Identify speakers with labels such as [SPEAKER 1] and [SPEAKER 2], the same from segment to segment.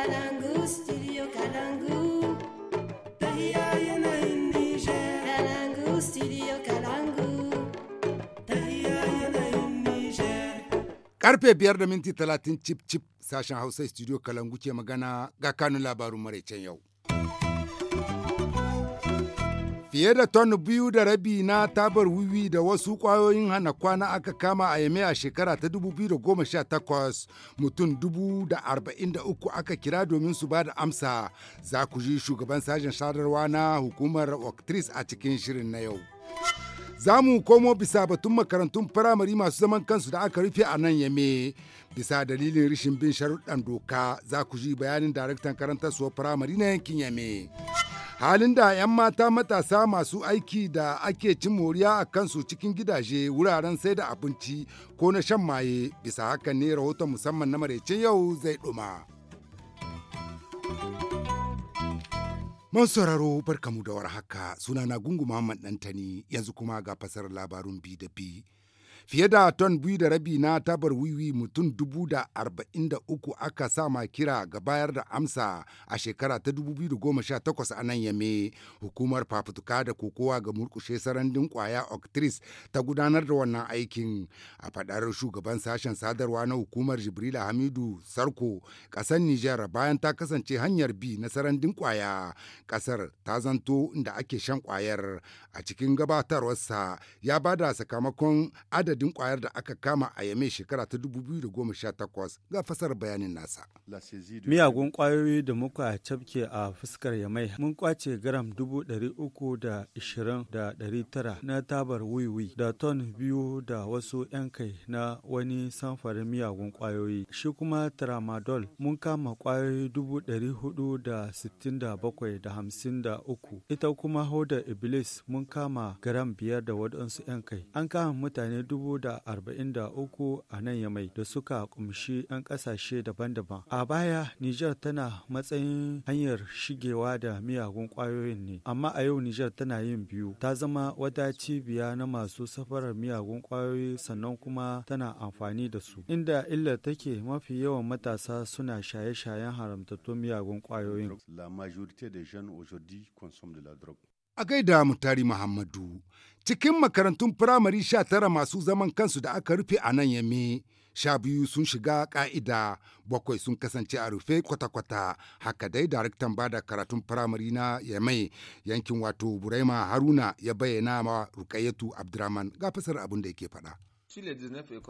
[SPEAKER 1] Kalingu,
[SPEAKER 2] Karfe biyar da minti talatin cip cip sashen Hausa studio Kalangu ke magana ga kanun labarun maraicen yau. Fiye da ton biyu da rabi na tabar wiwi da wasu kwayoyin hana kwana aka kama a yame a shekara ta 2018 mutum 43 aka kira domin su ba da amsa za ku ji shugaban sajin sadarwa na hukumar Octris a cikin shirin na yau. Za mu komo bisa batun makarantun firamare masu zaman kansu da aka rufe a nan yame. bisa dalilin rishin bin sharuɗan doka za ku ji bayanin daraktan karantarsuwar firamare na yankin yame. halin da 'yan mata matasa masu aiki da ake cin moriya a kansu cikin gidaje wuraren sai da abinci ko na shan maye bisa haka ne rahoton musamman na maraice yau zai ɗuma. Man sauraro barkamu da warhaka sunana gungu Muhammad Dantani yanzu kuma ga fasar labarun biyu da biyu. Fiye da ton biyu da rabi na tabar wiwi mutum dubu da arba'in da uku aka sama kira ga bayar da amsa a shekara ta dubu biyu da goma sha takwas a nan yame. Hukumar fafutuka da kokowa ga murkushe sarandin kwaya Octris ta gudanar da wannan aikin. A fadar shugaban sashen sadarwa na hukumar Jibrila Hamidu Sarko, ƙasar niger bayan ta kasance hanyar bi na sarandin kwaya. kasar ta zanto inda ake shan kwayar. A cikin gabatarwarsa ya bada sakamakon adadin adadin kwayar da aka kama a yame shekara ta 2018 ga fasar bayanin nasa. Miyagun kwayoyi da muka cafke a fuskar yamai mun kwace
[SPEAKER 1] gram 320,900 na tabar wiwi da ton biyu da wasu 'yan kai na wani samfarin miyagun kwayoyi. Shi kuma tramadol mun kama kwayoyi 467.53 ita kuma hoda iblis mun kama gram biyar da waɗansu 'yan kai. An kama mutane dubu uku a nan Yamai da suka kumshi 'yan ƙasashe daban-daban. A baya, Nijar tana matsayin hanyar shigewa da miyagun ƙwayoyin ne, amma a yau Nijar tana yin biyu. Ta zama wata cibiya na masu safarar miyagun ƙwayoyi sannan kuma tana amfani da su. Inda illar take mafi yawan
[SPEAKER 2] matasa suna shaye-shayen haramtattun miyagun ƙwayoyin. La majorité des jeunes aujourd'hui A gaida Mutari Muhammadu. Cikin makarantun firamare sha tara masu zaman kansu da aka rufe a nan yame, sha biyu sun shiga ka'ida bakwai sun kasance a rufe kwata-kwata, haka dai daraktan bada karatun firamare na yamai yankin wato Burema Haruna ya bayyana ma Rukayyatu Abdurrahman ga fasar abin da yake faɗa.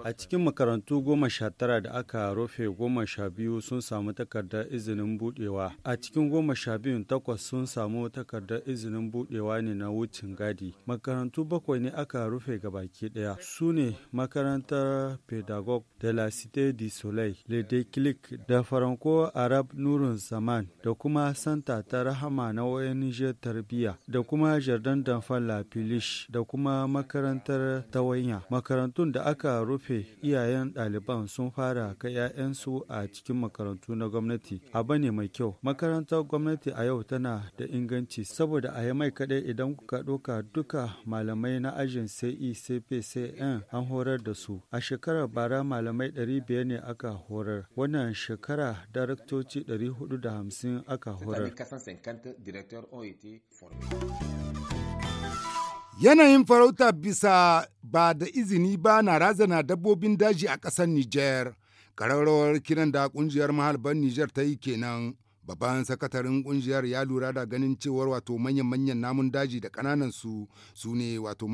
[SPEAKER 2] A cikin makarantu goma sha tara da aka rufe goma
[SPEAKER 1] sha biyu sun samu takardar izinin budewa. A cikin goma sha biyun takwas sun samu takardar izinin budewa ne na wucin gadi. Makarantu bakwai ne aka rufe gabaki daya. Su ne makarantar Pedagog de la Cité du Soleil, Le Déclic da Faranko Arab Nurun Zaman da kuma Santa ta Rahama na ONG Tarbiya da kuma Jardin La da kuma makarantar Tawanya. Makarantun da aka rufe iyayen ɗaliban sun fara ka 'ya'yansu a cikin makarantu na gwamnati. Abu ne mai kyau. Makarantar gwamnati a yau tana da inganci saboda a mai kaɗai idan kuka ɗauka duka malamai na ajin sai e CECPCN an horar da su. A shekarar bara malamai 500 ne aka horar. Wannan shekara daraktoci 450 aka horar.
[SPEAKER 2] Yanayin farauta bisa ba da izini ba na razana dabbobin daji a ƙasar Nijar. Ƙararrawar kiran da ƙungiyar mahalban Nijar ta yi kenan. Babban sakatarin ƙungiyar ya lura da ganin cewar wato manyan-manyan namun daji da ƙananan su su ne wato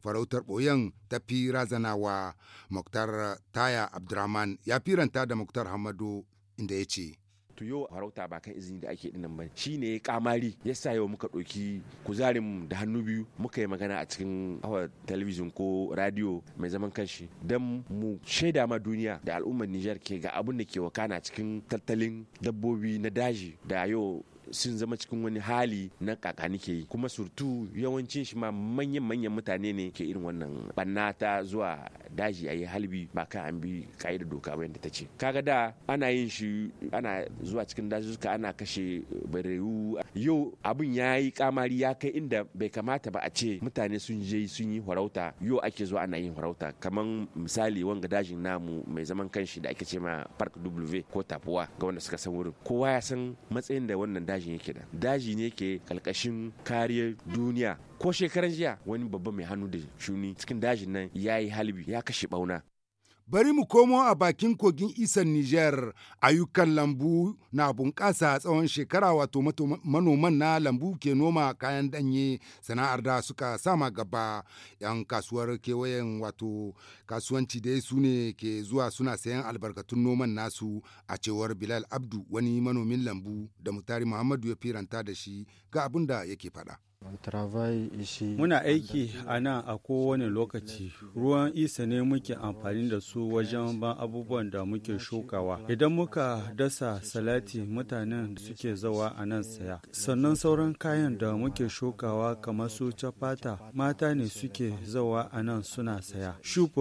[SPEAKER 2] farautar ɓoyen tafi razanawa. Muktar Taya Abdurrahman ya firanta da Muktar Hamadu inda ya ce. to yau farauta ba kan izini da ake dinan ba shine kamari yasa
[SPEAKER 3] yau muka ɗauki kuzarin mu da hannu biyu muka yi magana a cikin awa talabijin ko radio mai zaman kanshi don mu shaida ma duniya da al'ummar Nijar ke ga abin da ke wakana cikin tattalin dabbobi na daji da yau sun zama cikin wani hali na kaka nike yi kuma surtu yawancin shi ma manyan manyan mutane ne ke irin wannan banna ta zuwa daji a yi halbi ba kan an bi ka'idar doka ba yadda ta ce kaga da ana yin shi ana zuwa cikin suka ana kashe barewu yau abin ya yi kamari ya kai inda bai kamata ba a ce mutane sun je sun yi farauta yau ake zuwa ana yin farauta kamar misali wanga dajin namu mai zaman kanshi da ake ce ma park w ko tapuwa ga wanda suka san wurin kowa ya san matsayin da wannan dajin yake da daji ne ke kalkashin kariyar duniya ko shekaran jiya wani babba mai hannu da shuni cikin dajin nan ya yi halibi ya kashe bauna
[SPEAKER 2] Bari mu komo a bakin kogin isan Nijar, ayyukan lambu na bunƙasa tsawon shekara wato manoman na lambu ke noma kayan danye sana'ar da suka sama gaba. 'Yan kasuwar kewayen wato kasuwanci dai su ne ke zuwa suna sayan albarkatun noman nasu a cewar Bilal Abdu wani manomin lambu da Mutari Muhammadu ya firanta da shi ga abin da yake faɗa. Muna aiki a nan a kowane lokaci.
[SPEAKER 1] Ruwan isa ne muke amfani da su wajen ban abubuwan da muke shukawa. Idan muka dasa salati mutanen da suke zawa a nan saya. Sannan sauran kayan da muke shukawa kamar su cafata mata ne suke zawa a nan suna saya.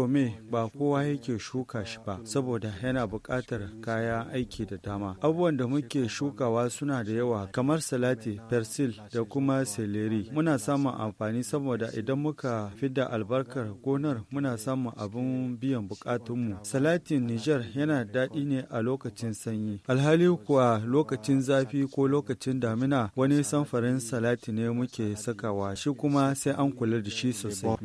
[SPEAKER 1] me ba kowa yake shuka shi ba saboda yana buƙatar kaya aiki da dama. Abubuwan da muke shukawa suna da yawa kamar salati, persil da kuma seleri. tsire muna samun amfani saboda idan muka fidda albarkar gonar muna samun abin biyan bukatunmu salatin niger yana daɗi ne a lokacin sanyi alhali kuwa lokacin zafi ko lokacin damina wani samfarin salati ne muke sakawa shi kuma sai an kula da shi sosai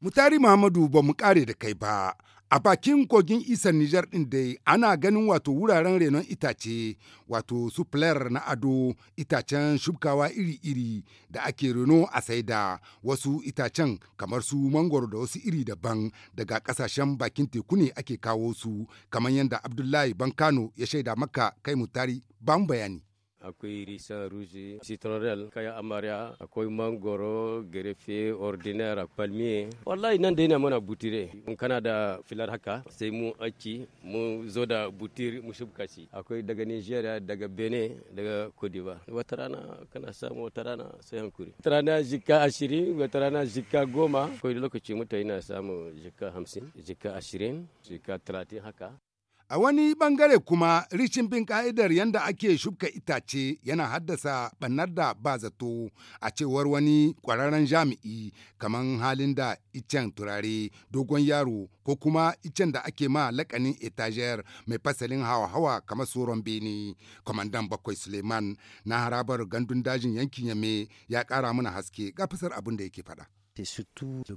[SPEAKER 2] Mutari Muhammadu ba mu kare da kai ba, A bakin kogin isan Nijar ɗin dai ana ganin wato wuraren renon itace wato su na ado itacen shubkawa iri-iri da ake reno a saida wasu itacen kamar su mangoro da wasu iri daban daga ƙasashen bakin teku ne ake kawo su kamar yadda Abdullahi Bankano ya shaida maka kai mutari ban bayani.
[SPEAKER 3] akwai risa ruji citronel kaya amarya akwai mangoro gerefe ordinaire palmier wallahi nan da yana mana butire mun kana da filar haka sai mu aci mu zo da butir mu shubka shi akwai daga nigeria daga benin daga kodiba wata rana kana samu wata rana sai hankuri wata rana jika ashirin wata rana jika goma akwai lokaci mutane na samu jika hamsin jika ashirin jika talatin haka
[SPEAKER 2] A wani bangare kuma rishin bin ka'idar yadda ake shuka itace yana haddasa ɓannar da ba zato a cewar wani ƙwararren jami'i kamar halin da icen turare dogon yaro ko kuma icen da ake ma lakanin etajer mai fasalin hawa-hawa kamar tsoron bene. Kwamandan bakwai Suleiman na harabar gandun dajin yankin Yame ya ƙara mana haske ga fasar abin da yake faɗa.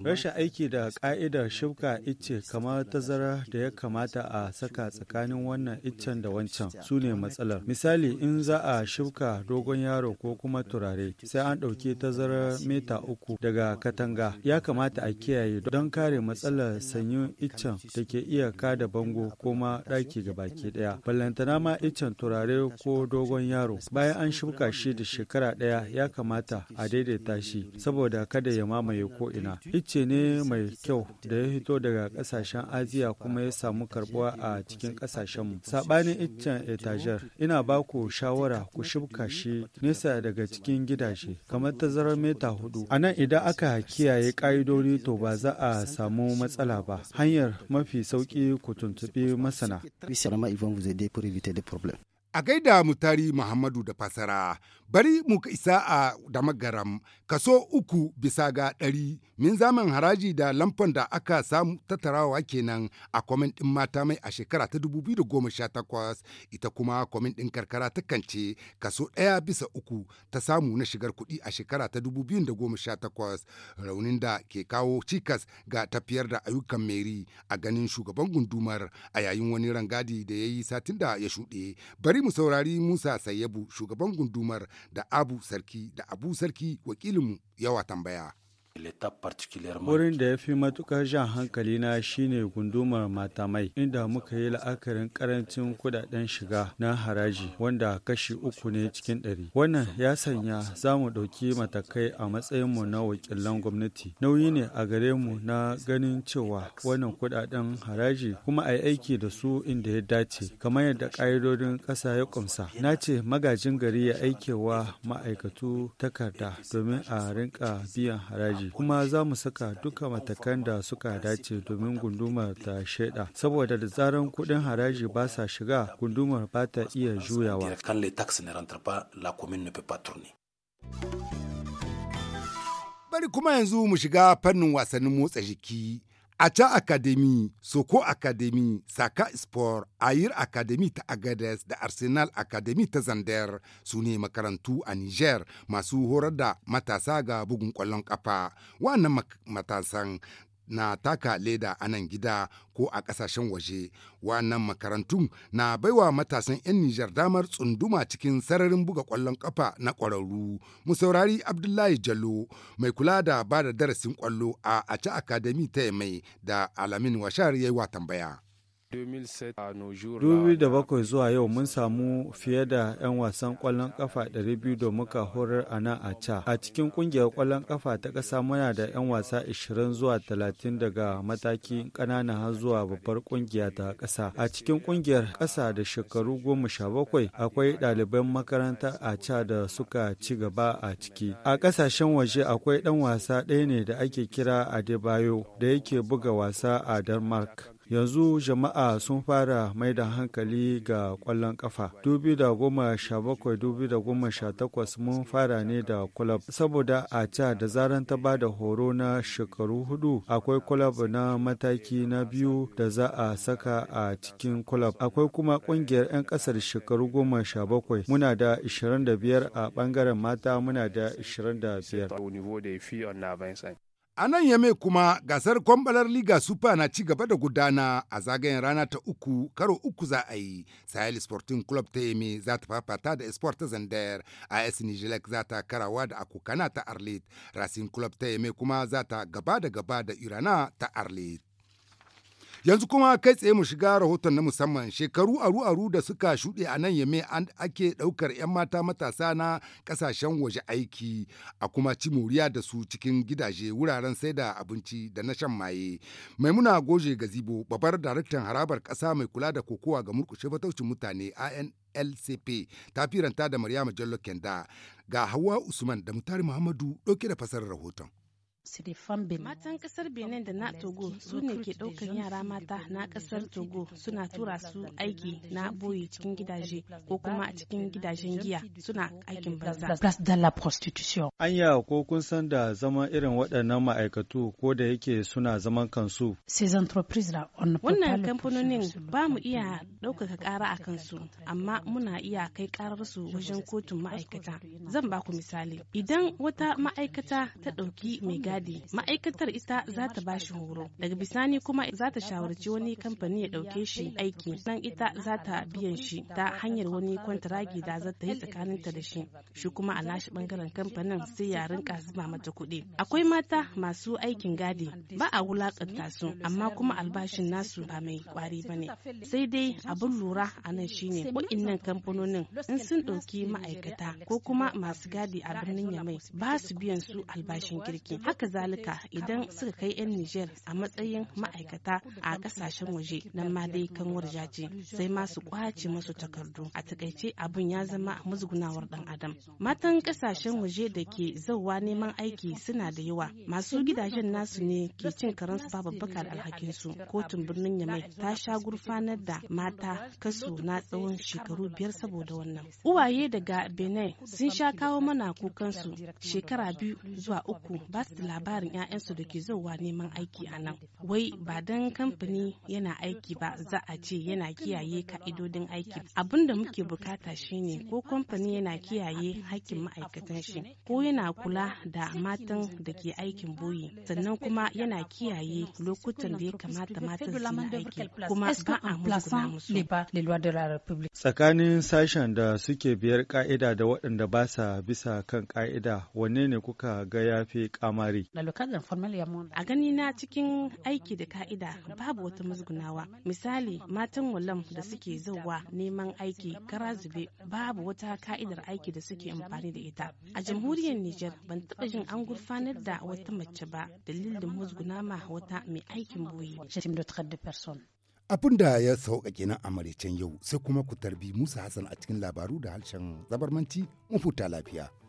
[SPEAKER 2] Rashin aiki da ka'idar shuka ice kamar tazara da ya kamata a
[SPEAKER 1] saka tsakanin wannan iccen da wancan su ne matsalar. Misali in za a shuka dogon yaro ko kuma turare sai an ɗauki tazarar mita uku daga katanga. Ya kamata a kiyaye don kare matsalar sanyin iccen da ke iya kada bango ko ɗaki ga baki ɗaya. Ballantana ma iccen turare ko dogon yaro bayan an shuka shi da shekara ɗaya ya kamata a daidaita shi saboda kada ya mamaye ko'ina. icce ne mai kyau da ya fito daga kasashen Aziya kuma ya samu karbuwa a cikin mu Saɓanin iccen etajer, ina ba ku shawara ku shibka shi nesa daga cikin gidaje, kamar tazarar mita hudu. A nan idan aka kiyaye ƙa'idodi to ba za a samu matsala ba. Hanyar mafi sauƙi ku tuntuɓi masana.
[SPEAKER 2] A gaida mutari Muhammadu da fasara, bari mu isa a magaram kaso uku bisa ga ɗari min zaman haraji da lamfon da aka samu tattarawa kenan a kwamin ɗin mata mai a shekara ta 2018 ita kuma kwamin ɗin karkara ta kance kaso ɗaya bisa uku ta samu na shigar kuɗi a shekara ta 2018 raunin da ke kawo cikas ga tafiyar da ayyukan meri a ganin shugaban gundumar a yayin wani rangadi da ya yi satin da ya shuɗe bari Bari mu saurari Musa Sayyabu shugaban gundumar da Abu Sarki da Abu Sarki wakilinmu yawa tambaya.
[SPEAKER 1] Wurin da ya fi matukar jan hankali na shine gundumar matamai inda muka yi la'akarin karancin kudaden shiga na haraji wanda kashi uku ne cikin ɗari. Wannan ya sanya za mu ɗauki matakai a matsayinmu na wakilan gwamnati. Nauyi ne a gare mu na ganin cewa wannan kudaden haraji kuma a yi aiki da su inda ya dace kamar yadda ƙa'idodin ƙasa ya ƙumsa. Na ce magajin gari ya aikewa ma'aikatu takarda domin a rinka biyan haraji. kuma za mu saka duka matakan da suka dace domin gundumar ta shaida saboda da tsaron kudin haraji ba sa shiga gundumar ba ta iya juyawa.
[SPEAKER 2] Bari kuma yanzu mu shiga fannin wasannin motsa jiki. Aca Academy, Soko Academy, Saka Sport, Ayir Academy ta Agades da Arsenal Academy ta Zandar su ne makarantu a Niger masu horar da matasa ga bugun ƙwallon ƙafa. Wannan matasan na taka leda a nan gida ko a ƙasashen waje wannan makarantun na baiwa matasan 'yan nijar damar tsunduma cikin sararin buga ƙwallon ƙafa na ƙwararru mu saurari abdullahi jallo mai kula da ba da darasin ƙwallo a aci academy ta mai da alamin washar yayi wa tambaya
[SPEAKER 4] 2007
[SPEAKER 2] zuwa yau mun samu fiye da 'yan wasan kwallon kafa 200
[SPEAKER 1] da muka horar a nan a ca. A cikin kungiyar kwallon kafa ta ƙasa muna da 'yan wasa 20 zuwa 30 daga mataki ƙanana har zuwa babbar kungiya ta ƙasa. A cikin kungiyar ƙasa da shekaru 17 akwai ɗaliban makaranta a ca da suka ci gaba a ciki. A ƙasashen waje akwai ɗan wasa ɗaya ne da ake kira Adebayo da yake buga wasa a Denmark. yanzu jama'a sun fara mai da hankali ga kwallon kafa 2017-2018 mun fara ne da kulab. Saboda a ca da zaran ta ba da horo na shekaru hudu akwai kulab na mataki na biyu da za a saka a cikin kulab. Akwai kuma kungiyar 'yan kasar shekaru goma sha bakwai muna da 25 a bangaren mata muna da 25.
[SPEAKER 2] A nan mai kuma gasar kwambalar Liga Super na ci gaba da gudana a zagayen rana ta uku karo uku za a yi. Sahel Sporting Club ta yi za ta fafata da Esport ta Zandayar, AS Nijilek za ta karawa da akukana ta Arlit, Racing Club ta yi kuma za ta gaba da gaba da Irana ta Arlit. Yanzu kuma kai tsaye mu shiga rahoton na musamman shekaru aru-aru da suka shuɗe a nan yame an ake ɗaukar 'yan mata matasa na ƙasashen waje aiki a kuma ci moriya da su cikin gidaje wuraren sai da abinci da na shan maye. Maimuna Goje Gazibo babbar daraktan harabar ƙasa mai kula da kokowa ga murƙushe fataucin mutane AN lcp ta firanta da maryama jallo kenda ga hawa usman da mutari muhammadu ɗauke da fasarar rahoton
[SPEAKER 4] Matan kasar Benin da na Togo su ne ke ɗaukar yara mata na kasar Togo suna tura su aiki na boye cikin gidaje ko kuma a cikin gidajen giya suna aikin an
[SPEAKER 1] Anya ko kun san da zama irin waɗannan ma'aikatu ko da yake suna zaman kansu.
[SPEAKER 4] Wannan kamfanonin ba mu iya ɗaukaka ƙara a kansu amma muna iya kai ƙarar su wajen kotun ma'aikata. Zan ba ku misali. Idan wata ma'aikata ta ɗauki mai jadi ma'aikatar ita za ta ba shi horo daga bisani kuma za ta shawarci wani kamfani ya ɗauke shi aiki nan ita za ta biyan shi ta hanyar wani kwantaragi da za ta yi tsakaninta da shi shi kuma a nashi bangaren kamfanin sai ya rinka zuba mata kuɗi akwai mata masu aikin gadi ba a wulakanta su amma kuma albashin nasu ba mai kwari ba ne sai dai abin lura a nan shine nan kamfanonin in sun ɗauki ma'aikata ko kuma masu gadi a birnin yamai ba su biyan su albashin kirki haka haka zalika idan suka kai 'yan Nijar a matsayin ma'aikata a kasashen waje nan ma dai kanwar jaji sai ma su kwace masu takardu a takaice abun ya zama musgunawar dan adam matan kasashen waje da ke zauwa neman aiki suna da yawa masu gidajen nasu ne ke cin karan su babu bakar alhakinsu kotun birnin yamai ta sha gurfanar da mata kasu na tsawon shekaru biyar saboda wannan uwaye daga benin sun sha kawo mana su shekara biyu zuwa uku ba su labarin 'ya'yansu da ke zowa neman aiki a nan wai ba don kamfani yana aiki ba za a ce yana kiyaye ka'idodin aiki abin da muke bukata shine ko kamfani yana kiyaye hakkin ma'aikatan shi ko yana kula da matan da ke aikin boye sannan kuma yana kiyaye lokutan da ya kamata matan aiki kuma ba a musu
[SPEAKER 1] tsakanin sashen da suke biyar ka'ida da waɗanda ba sa bisa kan ka'ida wanne ne kuka ga ya fi kamari
[SPEAKER 4] A gani na cikin aiki da ka'ida babu wata musgunawa. Misali matan walam da suke zauwa neman aiki kara zube babu wata ka'idar aiki da suke amfani da ita. A jamhuriyar Nijar ban taɓa jin an gurfanar da wata mace ba dalilin musgunama wata mai aikin boye.
[SPEAKER 2] Abin da ya sauka kenan a maraicen yau sai kuma ku tarbi Musa Hassan a cikin labaru da harshen zabarmanci mu futa lafiya.